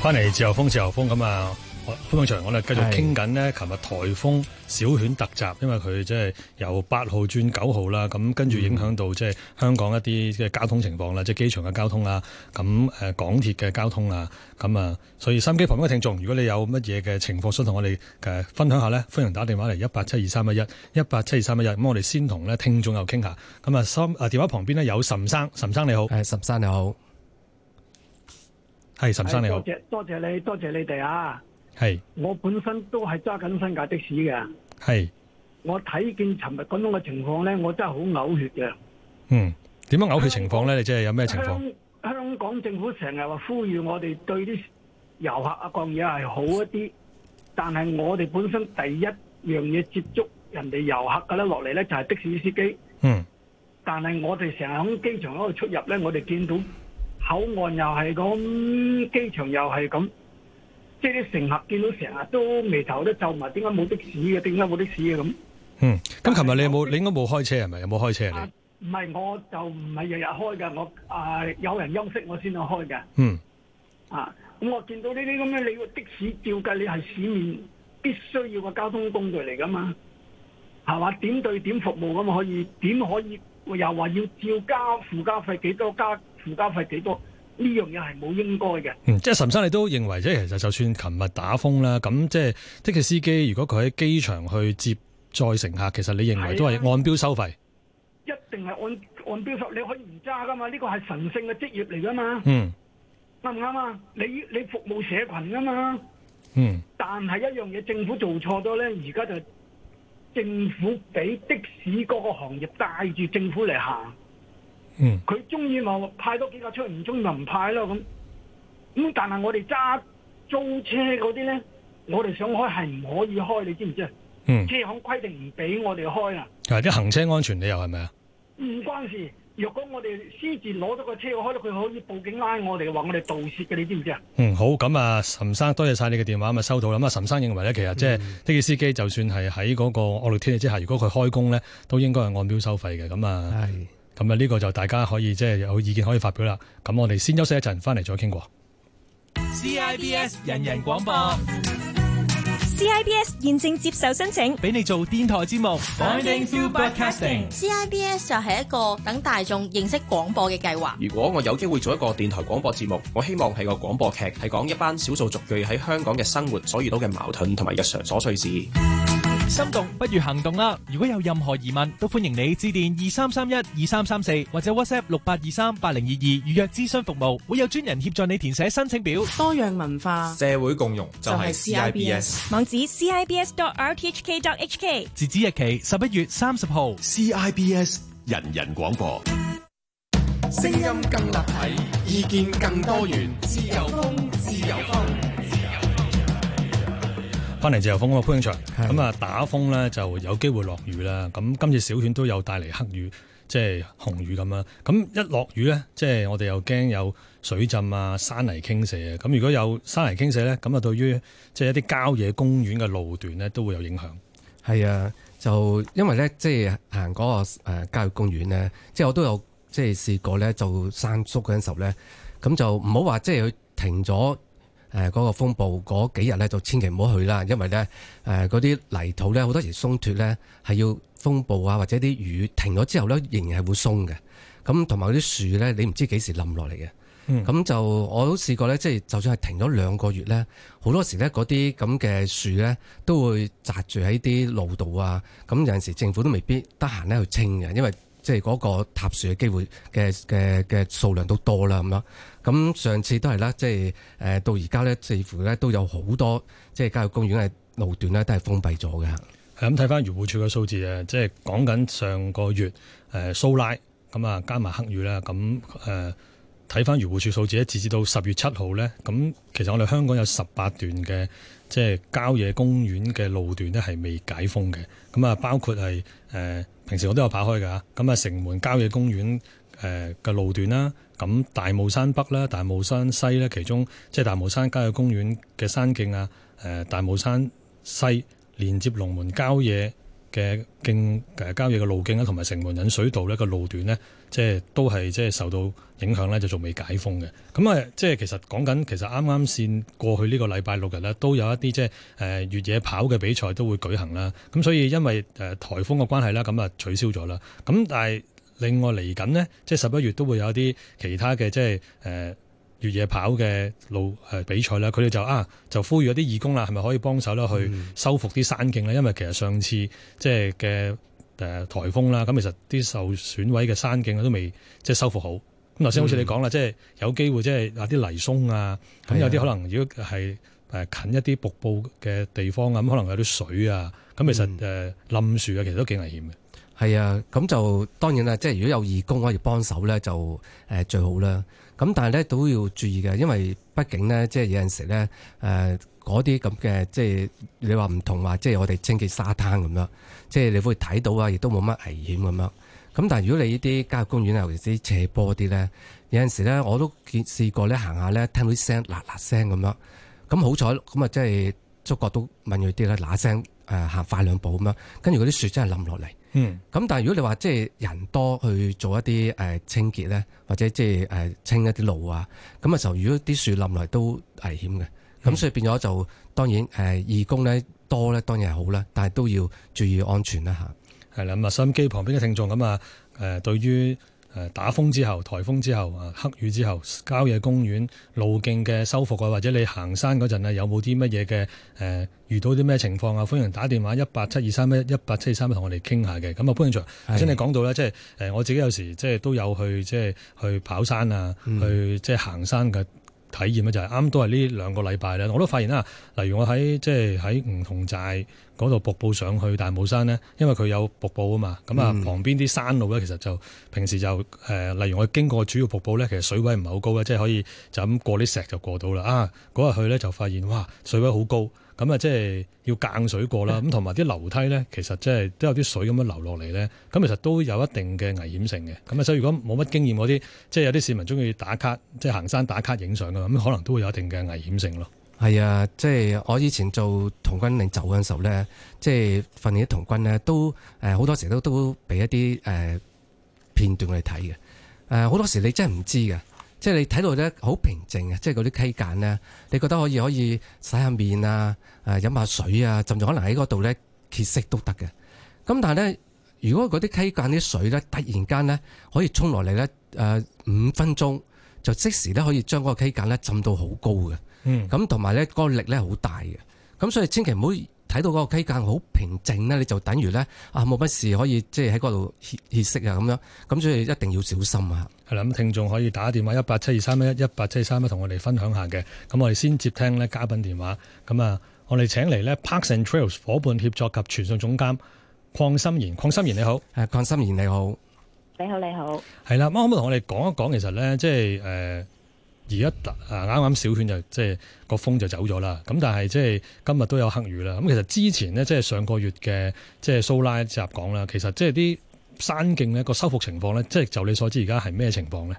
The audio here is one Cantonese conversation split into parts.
翻嚟自由風，自由風咁啊！潘永祥，我哋繼續傾緊呢。琴日是颱風小犬特襲，因為佢即係由八號轉九號啦。咁跟住影響到即係香港一啲嘅交通情況啦，嗯、即係機場嘅交通啊，咁誒港鐵嘅交通啊。咁啊，所以收音機旁邊嘅聽眾，如果你有乜嘢嘅情況想同我哋誒分享下呢，歡迎打電話嚟一八七二三一一一八七二三一一。咁我哋先同呢聽眾又傾下。咁啊，收誒電話旁邊呢，有岑生，岑生你好，係岑生你好。係陳生你好，多謝多謝你，多謝你哋啊！係是，我本身都係揸緊新界的士嘅。係是，我睇見尋日嗰種嘅情況咧，我真係好嘔血嘅。嗯，點樣嘔血情況咧？是你即係有咩情況？香港政府成日話呼籲我哋對啲遊客啊講嘢係好一啲，但係我哋本身第一樣嘢接觸人哋遊客嘅咧，落嚟咧就係的士司機。嗯，但係我哋成日喺機場嗰度出入咧，我哋見到。口岸又係咁，機場又係咁，即係啲乘客見到成日都眉頭都皺埋，點解冇的士嘅？點解冇的士嘅咁？嗯，咁琴日你有冇？嗯、你應該冇開車係咪？有冇開車？唔係、啊啊，我就唔係日日開噶，我誒、啊、有人休息我先去開嘅。嗯，啊，咁我見到呢啲咁嘅，你個的士照計，你係市面必須要個交通工具嚟噶嘛？係嘛？點對點服務咁可以，點可以又話要照加附加費幾多加？附加費幾多？呢樣嘢係冇應該嘅。嗯，即係岑生，你都認為即係其實就算琴日打風啦，咁即係的士司機，如果佢喺機場去接載乘客，其實你認為都係按錶收費？啊、一定係按按錶收，你可以唔揸噶嘛？呢個係神聖嘅職業嚟噶嘛？嗯，啱唔啱啊？你你服務社群噶嘛？嗯，但係一樣嘢，政府做錯咗咧，而家就政府俾的士嗰個行業帶住政府嚟行。嗯，佢中意就派多幾架出，唔中意就唔派咯咁。咁但係我哋揸租車嗰啲咧，我哋想開係唔可以開，你知唔知啊？嗯，車行規定唔俾我哋開啊。係啲行車安全你又係咪啊？唔關事，若果我哋私自攞咗個車開咗，佢可以報警拉我哋話我哋盜竊嘅，你知唔知啊？嗯，好，咁啊，岑生多謝晒你嘅電話，咪收到啦。咁，嗯，啊，岑生認為咧，其實即係呢啲司機就算係喺嗰個惡劣天氣之下，如果佢開工咧，都應該係按表收費嘅。咁啊，係嘅。嗯咁啊，呢個就大家可以即係、就是、有意見可以發表啦。咁我哋先休息一陣，翻嚟再傾過。CIBS 人人廣播，CIBS 現正接受申請，俾你做電台節目。Finding new to broadcasting，CIBS 就係一個等大眾認識廣播嘅計劃。如果我有機會做一個電台廣播節目，我希望係個廣播劇，係講一班少數族裔喺香港嘅生活所遇到嘅矛盾同埋日常瑣碎事。心動不如行動啦！如果有任何疑問，都歡迎你致電二三三一二三三四或者 WhatsApp 六八二三八零二二預約諮詢服務會有專人協助你填寫申請表。多樣文化、社會共融就係 CIBS。網址 CIBS.RTHK.HK。截止日期十一月三十號。CIBS 人人廣播，聲音更立體，意見更多元，自由風，自由風。翻嚟自由風啊，潘永祥。咁啊，打風咧就有機會落雨啦。咁今次小犬都有帶嚟黑雨，即係紅雨咁啦。咁一落雨咧，即係我哋又驚有水浸啊、山泥傾瀉啊。咁如果有山泥傾瀉咧，咁啊對於即係一啲郊野公園嘅路段咧，都會有影響。係啊，就因為咧，即係行嗰個郊野公園咧，即係我都有即係試過咧，就山叔嗰陣時候咧，咁就唔好話即係佢停咗。誒嗰個風暴嗰幾日咧，就千祈唔好去啦，因為咧，誒嗰啲泥土咧好多時鬆脱咧，係要風暴啊或者啲雨停咗之後咧，仍然係會鬆嘅。咁同埋啲樹咧，你唔知幾時冧落嚟嘅。咁就我都試過咧，即係就算係停咗兩個月咧，好多時咧嗰啲咁嘅樹咧都會窒住喺啲路度啊。咁有陣時政府都未必得閒咧去清嘅，因為。即係嗰個塌樹嘅機會嘅嘅嘅數量都多啦咁樣，咁上次都係啦，即係誒、呃、到而家咧，似乎咧都有好多即係郊、呃呃、野公園嘅路段咧都係封閉咗嘅。係咁睇翻漁護署嘅數字啊，即係講緊上個月誒蘇拉咁啊加埋黑雨啦，咁誒睇翻漁護署數字咧，直至到十月七號咧，咁其實我哋香港有十八段嘅即係郊野公園嘅路段咧係未解封嘅，咁啊包括係誒。呃平時我都有跑開㗎，咁啊城門郊野公園誒嘅路段啦，咁大霧山北啦、大霧山西咧，其中即係、就是、大霧山郊野公園嘅山徑啊，誒大霧山西連接龍門郊野。嘅經誒交易嘅路徑啊，同埋城門引水道呢個路段呢，即係都係即係受到影響呢，就仲未解封嘅。咁啊，即係其實講緊，其實啱啱先過去呢個禮拜六日呢，都有一啲即係誒越野跑嘅比賽都會舉行啦。咁所以因為誒颱風嘅關係啦，咁啊取消咗啦。咁但係另外嚟緊呢，即係十一月都會有一啲其他嘅即係誒。呃越野跑嘅路誒比賽咧，佢哋就啊就呼籲一啲義工啦，係咪可以幫手咧去修復啲山徑咧？因為其實上次即係嘅誒颱風啦，咁其實啲受損毀嘅山徑都未即係修復好。咁頭先好似你講啦，即係有機會即係有啲泥鬆啊，咁有啲可能如果係誒近一啲瀑布嘅地方啊，咁可能有啲水啊，咁其實誒冧樹啊，其實都幾危險嘅。係啊，咁就當然啦，即係如果有義工可以幫手咧，就誒最好啦。咁但係咧都要注意嘅，因為畢竟咧即係有陣時咧誒嗰啲咁嘅即係你話唔同話，即係我哋清潔沙灘咁樣，即係你會睇到啊，亦都冇乜危險咁樣。咁但係如果你呢啲郊野公園啊，尤其係斜坡啲咧，有陣時咧我都試過咧行下咧聽到啲聲嗱嗱聲咁樣，咁好彩咁啊，即係觸覺都敏鋭啲啦，嗱聲誒行快兩步咁樣，跟住嗰啲雪真係冧落嚟。嗯，咁但係如果你話即係人多去做一啲誒清潔咧，或者即係誒清一啲路啊，咁嘅時候，如果啲樹冧落嚟都危險嘅，咁、嗯、所以變咗就當然誒義工咧多咧，當然係好啦，但係都要注意安全啦吓。係啦，咁啊收音機旁邊嘅聽眾咁啊，誒對於。誒打風之後，颱風之後，啊黑雨之後，郊野公園路徑嘅修復啊，或者你行山嗰陣咧有冇啲乜嘢嘅誒遇到啲咩情況啊？歡迎打電話 1, 1, 1, 一八七二三一一八七二三一同我哋傾下嘅。咁啊，潘警長，真係講到咧，即係誒我自己有時即係都有去即係去跑山啊，嗯、去即係行山嘅。體驗咧就係、是、啱都係呢兩個禮拜咧，我都發現啦。例如我喺即係喺梧桐寨嗰度瀑布上去大帽山咧，因為佢有瀑布啊嘛。咁啊，旁邊啲山路咧，其實就、嗯、平時就誒，例如我經過主要瀑布咧，其實水位唔係好高嘅，即、就、係、是、可以就咁過啲石就過到啦。啊，嗰日去咧就發現哇，水位好高。咁啊，即係要隔水過啦，咁同埋啲樓梯咧，其實即係都有啲水咁樣流落嚟咧，咁其實都有一定嘅危險性嘅。咁啊，所以如果冇乜經驗，嗰啲即係有啲市民中意打卡，即係行山打卡影相啊，咁可能都會有一定嘅危險性咯。係啊，即係我以前做童軍領袖嗰陣時候咧，即係訓練啲童軍咧，都誒好多時都都俾一啲誒、呃、片段去睇嘅。誒、呃、好多時你真係唔知嘅。即係你睇到咧好平靜啊，即係嗰啲溪澗咧，你覺得可以可以洗下面啊，誒、呃、飲下水啊，甚至可能喺嗰度咧歇息都得嘅。咁但係咧，如果嗰啲溪澗啲水咧突然間咧可以衝落嚟咧，誒、呃、五分鐘就即時咧可以將嗰個溪澗咧浸到好高嘅。嗯，咁同埋咧嗰個力咧好大嘅，咁所以千祈唔好。睇到嗰個區間好平靜咧，你就等於咧啊冇乜事可以即係喺嗰度歇息啊咁樣，咁所以一定要小心啊！係啦，咁聽眾可以打電話一八七二三一一八七二三一，同我哋分享下嘅，咁我哋先接聽呢嘉賓電話。咁啊，我哋請嚟呢 Parks and Trails 伙伴協作及傳訊總監鄺芯妍。鄺芯妍你好，誒，鄺芯妍你好，你好，你好你好，係啦，可唔可以同我哋講一講其實咧，即係誒？呃而家誒啱啱小犬就即係個風就走咗啦，咁但係即係今日都有黑雨啦。咁其實之前呢，即係上個月嘅即係蘇拉襲港啦，其實即係啲山徑呢個修復情況呢，即係就你所知而家係咩情況呢？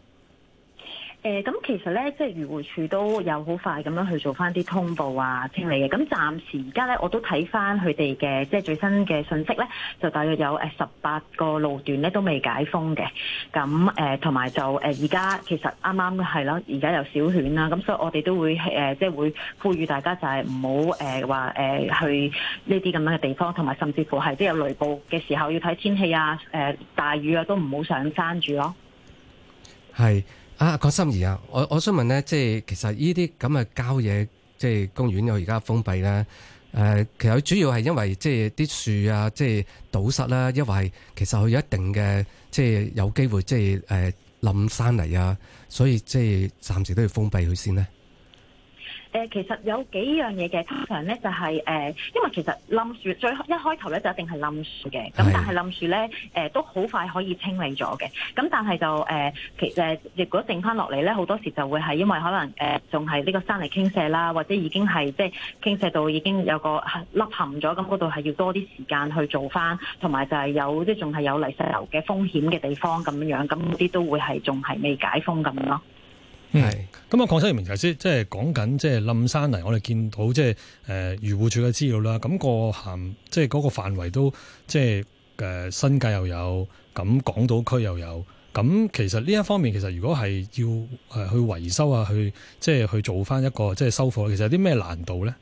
誒，咁、嗯、其實咧，即係漁護署都有好快咁樣去做翻啲通報啊、清理嘅。咁暫時而家咧，我都睇翻佢哋嘅即係最新嘅信息咧，就大約有誒十八個路段咧都未解封嘅。咁誒，同、呃、埋就誒而家其實啱啱係啦，而家有小犬啦。咁所以我哋都會誒、呃，即係會呼籲大家就係唔好誒話誒去呢啲咁樣嘅地方，同埋甚至乎係都有雷暴嘅時候，要睇天氣啊，誒、呃、大雨啊，都唔好上山住咯。係。啊，鄺芯妍啊，我我想問咧，即係其實呢啲咁嘅郊野，即係公園我而家封閉咧。誒、呃，其實主要係因為即係啲樹啊，即係堵塞啦，因為其實佢有一定嘅，即係有機會即係誒冧山嚟啊，所以即係暫時都要封閉佢先咧。誒、呃、其實有幾樣嘢嘅，通常咧就係、是、誒、呃，因為其實冧樹最一開頭咧就一定係冧樹嘅，咁的但係冧樹咧誒、呃、都好快可以清理咗嘅，咁但係就誒、呃、其誒，如果剩翻落嚟咧，好多時就會係因為可能誒仲係呢個山泥傾瀉啦，或者已經係即係傾瀉到已經有個凹陷咗，咁嗰度係要多啲時間去做翻，同埋就係有即仲係有泥石流嘅風險嘅地方咁樣樣，咁啲都會係仲係未解封咁樣咯。係，咁啊是，鄺芯妍、嗯，你明頭先，即係講緊，即係冧山泥。我哋見到即係誒漁護署嘅資料啦，咁、那個咸，即、嗰、係個範圍都，即係誒新界又有，咁港島區又有，咁其實呢一方面，其實如果係要誒去維修啊，去即係去做翻一個即係修復，其實有啲咩難度咧？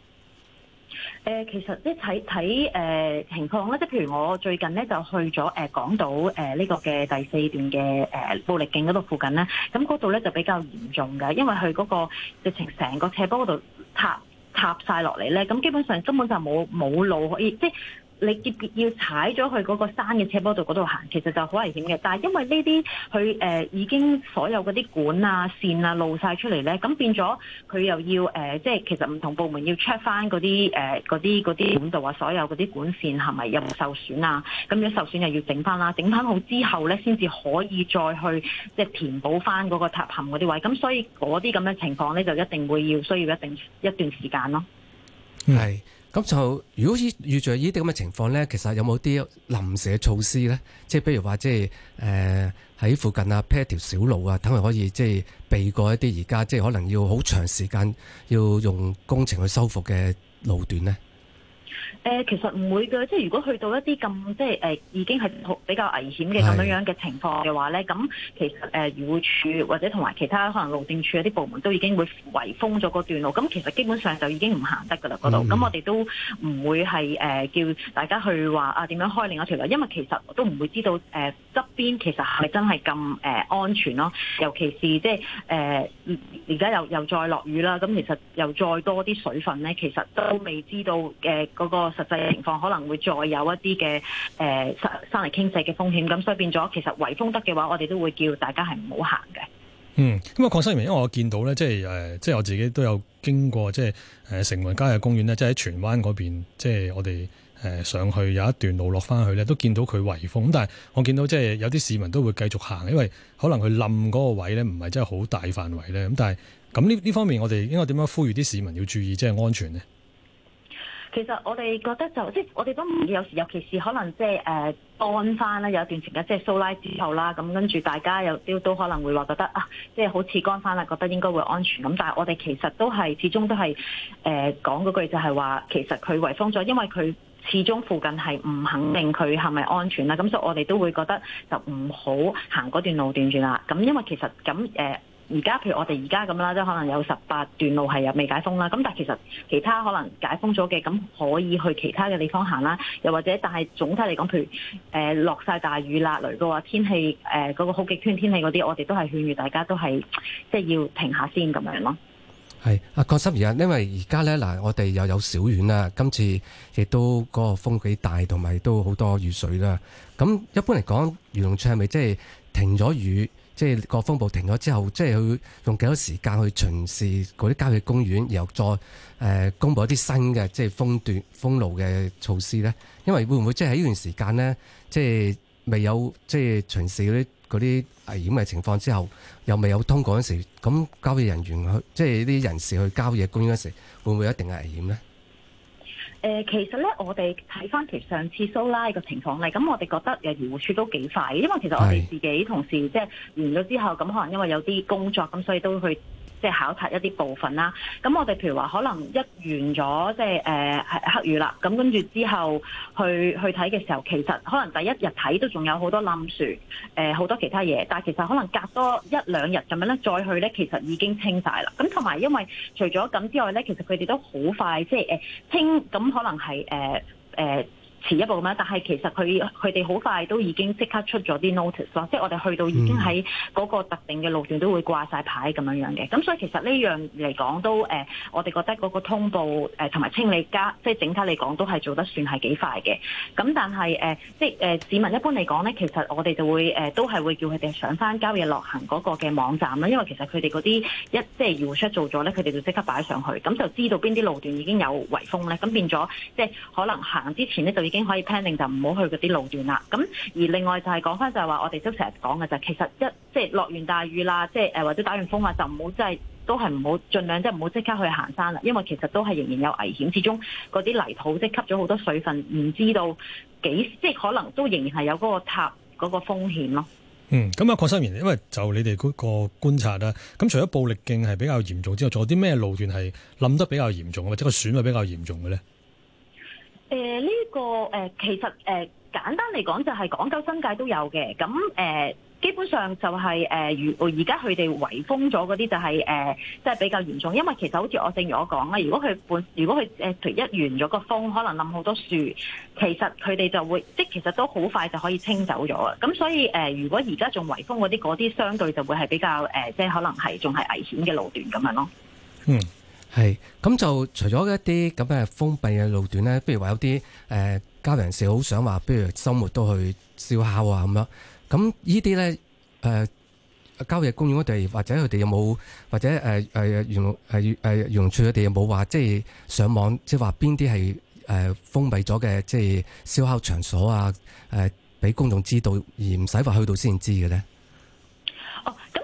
誒、呃、其實即係睇誒情況咧，即係譬如我最近咧就去咗誒、呃、港島誒呢、呃這個嘅第四段嘅誒布力徑嗰度附近咧，咁嗰度咧就比較嚴重嘅，因為佢嗰、那個直情成個斜坡嗰度塌塌曬落嚟咧，咁基本上根本就冇冇路可以即。你要踩咗去嗰個山嘅斜坡度嗰度行，其實就好危險嘅。但係因為呢啲佢誒已經所有嗰啲管啊線啊露晒出嚟呢，咁變咗佢又要誒、呃，即係其實唔同部門要 check 翻嗰啲誒嗰啲啲管道啊，呃嗯、所有嗰啲管線係咪又唔受損啊？咁如果受損又要整翻啦，整翻好之後呢，先至可以再去即係填補翻嗰個塌陷嗰啲位。咁所以嗰啲咁嘅情況呢，就一定會要需要一定一段時間咯。係，咁就、嗯、如果遇着呢啲咁嘅情況呢，其實有冇啲臨時嘅措施呢？即係譬如話，即係誒喺附近啊，劈一條小路啊，等佢可以即係避過一啲而家即係可能要好長時間要用工程去修復嘅路段呢。誒其實唔會嘅，即係如果去到一啲咁即係誒已經係比較危險嘅咁樣樣嘅情況嘅話咧，咁是的 其實誒漁護署或者同埋其他可能路政處一啲部門都已經會圍封咗嗰段路，咁其實基本上就已經唔行得噶啦嗰度。咁、mm hmm. 嗯、我哋都唔會係誒、呃、叫大家去話啊點樣開另一條路，因為其實都唔會知道誒側、呃、邊其實係咪真係咁誒安全咯，尤其是即係誒而家又又再落雨啦，咁其實又再多啲水分咧，其實都未知道嘅嗰、呃呃呃呃呃呃呃個實際情況可能會再有一啲嘅誒山泥傾瀉嘅風險，咁所以變咗，其實圍封得嘅話，我哋都會叫大家係唔好行嘅。嗯，咁、嗯、啊，鄺、嗯、生，嗯嗯、因為我見到咧，即係誒、呃，即係我自己都有經過，即係誒，城、呃、門郊野公園咧，即係喺荃灣嗰邊，即係我哋誒、呃、上去有一段路落翻去咧，都見到佢圍封。但係我見到即係有啲市民都會繼續行，因為可能佢冧嗰個位咧，唔係真係好大範圍咧。咁但係咁呢呢方面，我哋應該點樣呼籲啲市民要注意即係安全呢？其實我哋覺得就即係我哋都唔有時尤其是可能即係誒乾翻啦，呃、有一段時間即係蘇拉之後啦，咁跟住大家有都都可能會話覺得啊，即、就、係、是、好似乾翻啦，覺得應該會安全咁。但係我哋其實都係始終都係誒講嗰句就，就係話其實佢圍封咗，因為佢始終附近係唔肯定佢係咪安全啦。咁所以我哋都會覺得就唔好行嗰段路段住啦。咁因為其實咁誒。而家譬如我哋而家咁啦，即係可能有十八段路係有未解封啦。咁但係其實其他可能解封咗嘅，咁可以去其他嘅地方行啦。又或者，但係總體嚟講，譬如誒落晒大雨啦，雷嘅話，天氣誒嗰個好極端天氣嗰啲，我哋都係勸喻大家都係即係要停下先咁樣咯。係啊，鄺芯妍，而啊，因為而家咧嗱，我哋又有小雨啦，今次亦都嗰個風幾大，同埋都好多雨水啦。咁一般嚟講，魚龍村係咪即係停咗雨？即係個風暴停咗之後，即係佢用幾多時間去巡視嗰啲郊野公園，然後再誒、呃、公布一啲新嘅即係封段封路嘅措施咧？因為會唔會即係喺呢段時間咧，即係未有即係巡視嗰啲啲危險嘅情況之後，又未有通過嗰時，咁郊野人員去即係啲人士去郊野公園嗰時，會唔會有一定嘅危險咧？誒、呃，其實咧，我哋睇翻其實上次蘇拉個情況咧，咁、嗯、我哋覺得誒漁護署都幾快，因為其實我哋自己同事是即係完咗之後，咁可能因為有啲工作咁，所以都會去。即係考察一啲部分啦，咁我哋譬如話可能一完咗、就是，即係誒黑雨啦，咁跟住之後去去睇嘅時候，其實可能第一日睇都仲有好多冧樹，誒、呃、好多其他嘢，但係其實可能隔多一兩日咁樣咧，再去咧其實已經清晒啦。咁同埋因為除咗咁之外咧，其實佢哋都好快即係誒清，咁可能係誒誒。呃呃遲一步咁樣，但係其實佢佢哋好快都已經即刻出咗啲 notice 咯，即係我哋去到已經喺嗰個特定嘅路段都會掛晒牌咁樣樣嘅，咁所以其實呢樣嚟講都誒、呃，我哋覺得嗰個通報誒同埋清理家，即係整體嚟講都係做得算係幾快嘅。咁但係誒、呃，即係誒、呃、市民一般嚟講咧，其實我哋就會誒、呃、都係會叫佢哋上返郊野樂行嗰個嘅網站啦，因為其實佢哋嗰啲一即係 research 做咗咧，佢哋就即刻擺上去，咁就知道邊啲路段已經有圍封咧，咁變咗即係可能行之前咧就已經。已經可以 pending，就唔好去嗰啲路段啦。咁而另外就係講翻就係話，我哋都成日講嘅就係。其實一即係落完大雨啦，即係誒或者打完風啊，就唔好即係都係唔好盡量即係唔好即刻去行山啦。因為其實都係仍然有危險，始終嗰啲泥土即係吸咗好多水分，唔知道幾即係可能都仍然係有嗰個塌嗰、嗰個風險咯、嗯。嗯，咁、嗯、啊，鄺芯妍，因為就你哋嗰個觀察啊，咁、嗯、除咗暴力徑係比較嚴重之外，仲有啲咩路段係冧得比較嚴重或者個損係比較嚴重嘅咧？誒，呢、呃這個誒、呃，其實誒、呃，簡單嚟講就係港九新界都有嘅，咁誒、呃，基本上就係、是、誒，如而家佢哋圍封咗嗰啲就係、是、誒，即、呃、係、就是、比較嚴重，因為其實好似我正如我講啦，如果佢半，如果佢誒、呃、一完咗個風，可能冧好多樹，其實佢哋就會，即係其實都好快就可以清走咗啊，咁所以誒、呃，如果而家仲圍封嗰啲，嗰啲相對就會係比較誒、呃，即係可能係仲係危險嘅路段咁樣咯。嗯。係，咁就除咗一啲咁嘅封閉嘅路段咧，不如話有啲誒郊遊人士好想話，不如周末都去燒烤啊咁樣。咁、嗯、呢啲咧誒，郊、呃、野公園嗰啲或者佢哋有冇或者誒誒容誒容許佢哋有冇話即係上網，即係話邊啲係誒封閉咗嘅即係燒烤場所啊？誒、呃，俾公眾知道而唔使話去到先知嘅咧。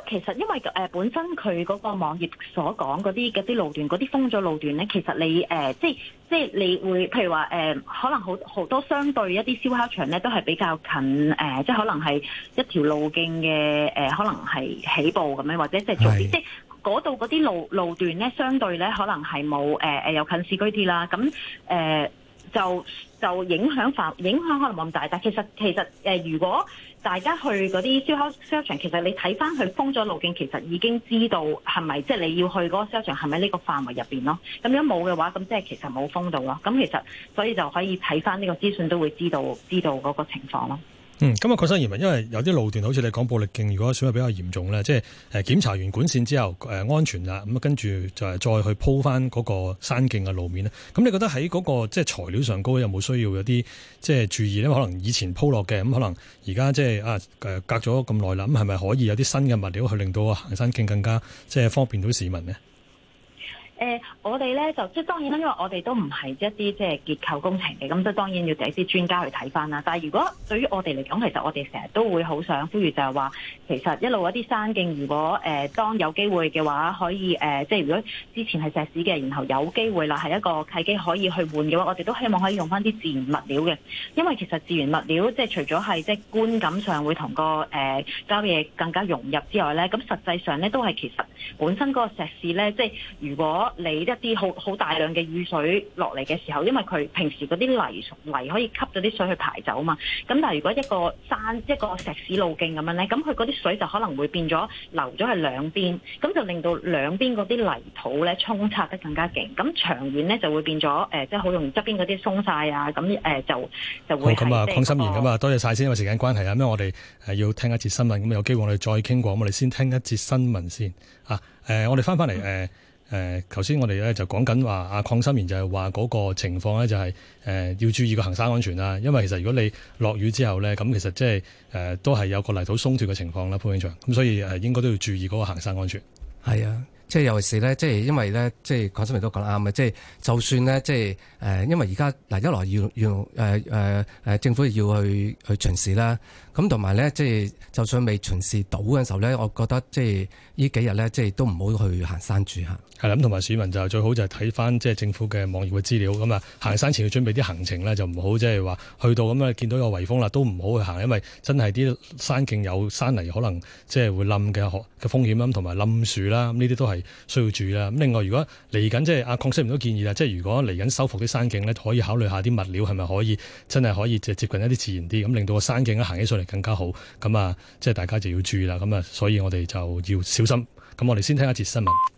其實，因為誒、呃、本身佢嗰個網頁所講嗰啲啲路段，嗰啲封咗路段咧，其實你誒、呃、即係即係你會，譬如話誒、呃，可能好好多相對一啲燒烤場咧，都係比較近誒、呃，即係可能係一條路徑嘅誒、呃，可能係起步咁樣，或者是即係做啲即係嗰度嗰啲路路段咧，相對咧可能係冇誒誒，有、呃、近市區啲啦，咁誒。呃就就影響範影響可能冇咁大，但其實其實誒，如果大家去嗰啲燒烤燒烤場，其實你睇翻佢封咗路徑，其實已經知道係咪即係你要去嗰個燒烤場係咪呢個範圍入邊咯。咁如果冇嘅話，咁即係其實冇封到咯。咁其實所以就可以睇翻呢個資訊，都會知道知道嗰個情況咯。嗯，咁啊，確實問，市民因為有啲路段，好似你講暴力徑，如果損壞比較嚴重咧，即係誒檢查完管線之後，誒、呃、安全啦，咁啊跟住就係再去鋪翻嗰個山徑嘅路面咧。咁、嗯、你覺得喺嗰、嗰個即係材料上高有冇需要有啲即係注意咧？可能以前鋪落嘅咁，可能而家即係啊誒隔咗咁耐啦，咁係咪可以有啲新嘅物料去令到行山徑更加即係方便到市民呢？誒、呃，我哋咧就即係當然啦，因為我哋都唔係一啲即係結構工程嘅，咁即係當然要畀啲專家去睇翻啦。但係如果對於我哋嚟講，其實我哋成日都會好想呼籲就係話，其實一路一啲山徑，如果誒、呃、當有機會嘅話，可以誒、呃、即係如果之前係石屎嘅，然後有機會啦係一個契機可以去換嘅話，我哋都希望可以用翻啲自然物料嘅，因為其實自然物料即係除咗係即係觀感上會同、個、呃、交郊野更加融入之外咧，咁實際上咧都係其實本身嗰個石屎咧，即係如果你一啲好好大量嘅雨水落嚟嘅時候，因為佢平時嗰啲泥泥可以吸咗啲水去排走啊嘛。咁但係如果一個山，一個石屎路徑咁樣咧，咁佢嗰啲水就可能會變咗流咗去兩邊，咁就令到兩邊嗰啲泥土咧沖刷得更加勁。咁長遠咧就會變咗，誒、呃，即係好容易側邊嗰啲鬆晒啊。咁誒就就會好。咁啊，鄺芯妍咁啊，多謝晒先，因為時間關係啊。因為我哋誒要聽一節新聞，咁有機會我哋再傾過。咁我哋先聽一節新聞先啊。誒、呃，我哋翻翻嚟誒。呃嗯誒頭先我哋咧就講緊話阿鄺芯妍就係話嗰個情況咧就係、是、誒、呃、要注意個行山安全啦，因為其實如果你落雨之後咧，咁其實即係誒都係有個泥土鬆脱嘅情況啦，潘警長咁，嗯、所以誒應該都要注意嗰個行山安全。係啊。即係尤其是咧，即係因為咧，即係廣新聞都講得啱嘅。即係就算咧，即係誒，因為而家嗱一來要要誒誒誒政府要去去巡視啦，咁同埋咧，即係就算未巡視到嘅時候咧，我覺得即係呢幾日咧，即係都唔好去行山住嚇。係啦，同埋市民就最好就係睇翻即係政府嘅網頁嘅資料，咁啊行山前要準備啲行程咧，就唔好即係話去到咁啊見到有圍封啦，都唔好去行，因為真係啲山徑有山泥可能即係會冧嘅，學嘅風險，咁同埋冧樹啦，咁呢啲都係。需要注意啦。咁另外，如果嚟緊即係阿鄺先生都建議啦，即係如果嚟緊修復啲山景咧，可以考慮下啲物料係咪可以真係可以即係接近一啲自然啲，咁令到個山景咧行起上嚟，更加好。咁啊，即係大家就要注意啦。咁啊，所以我哋就要小心。咁我哋先聽一節新聞。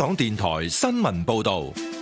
香港電台新聞報道。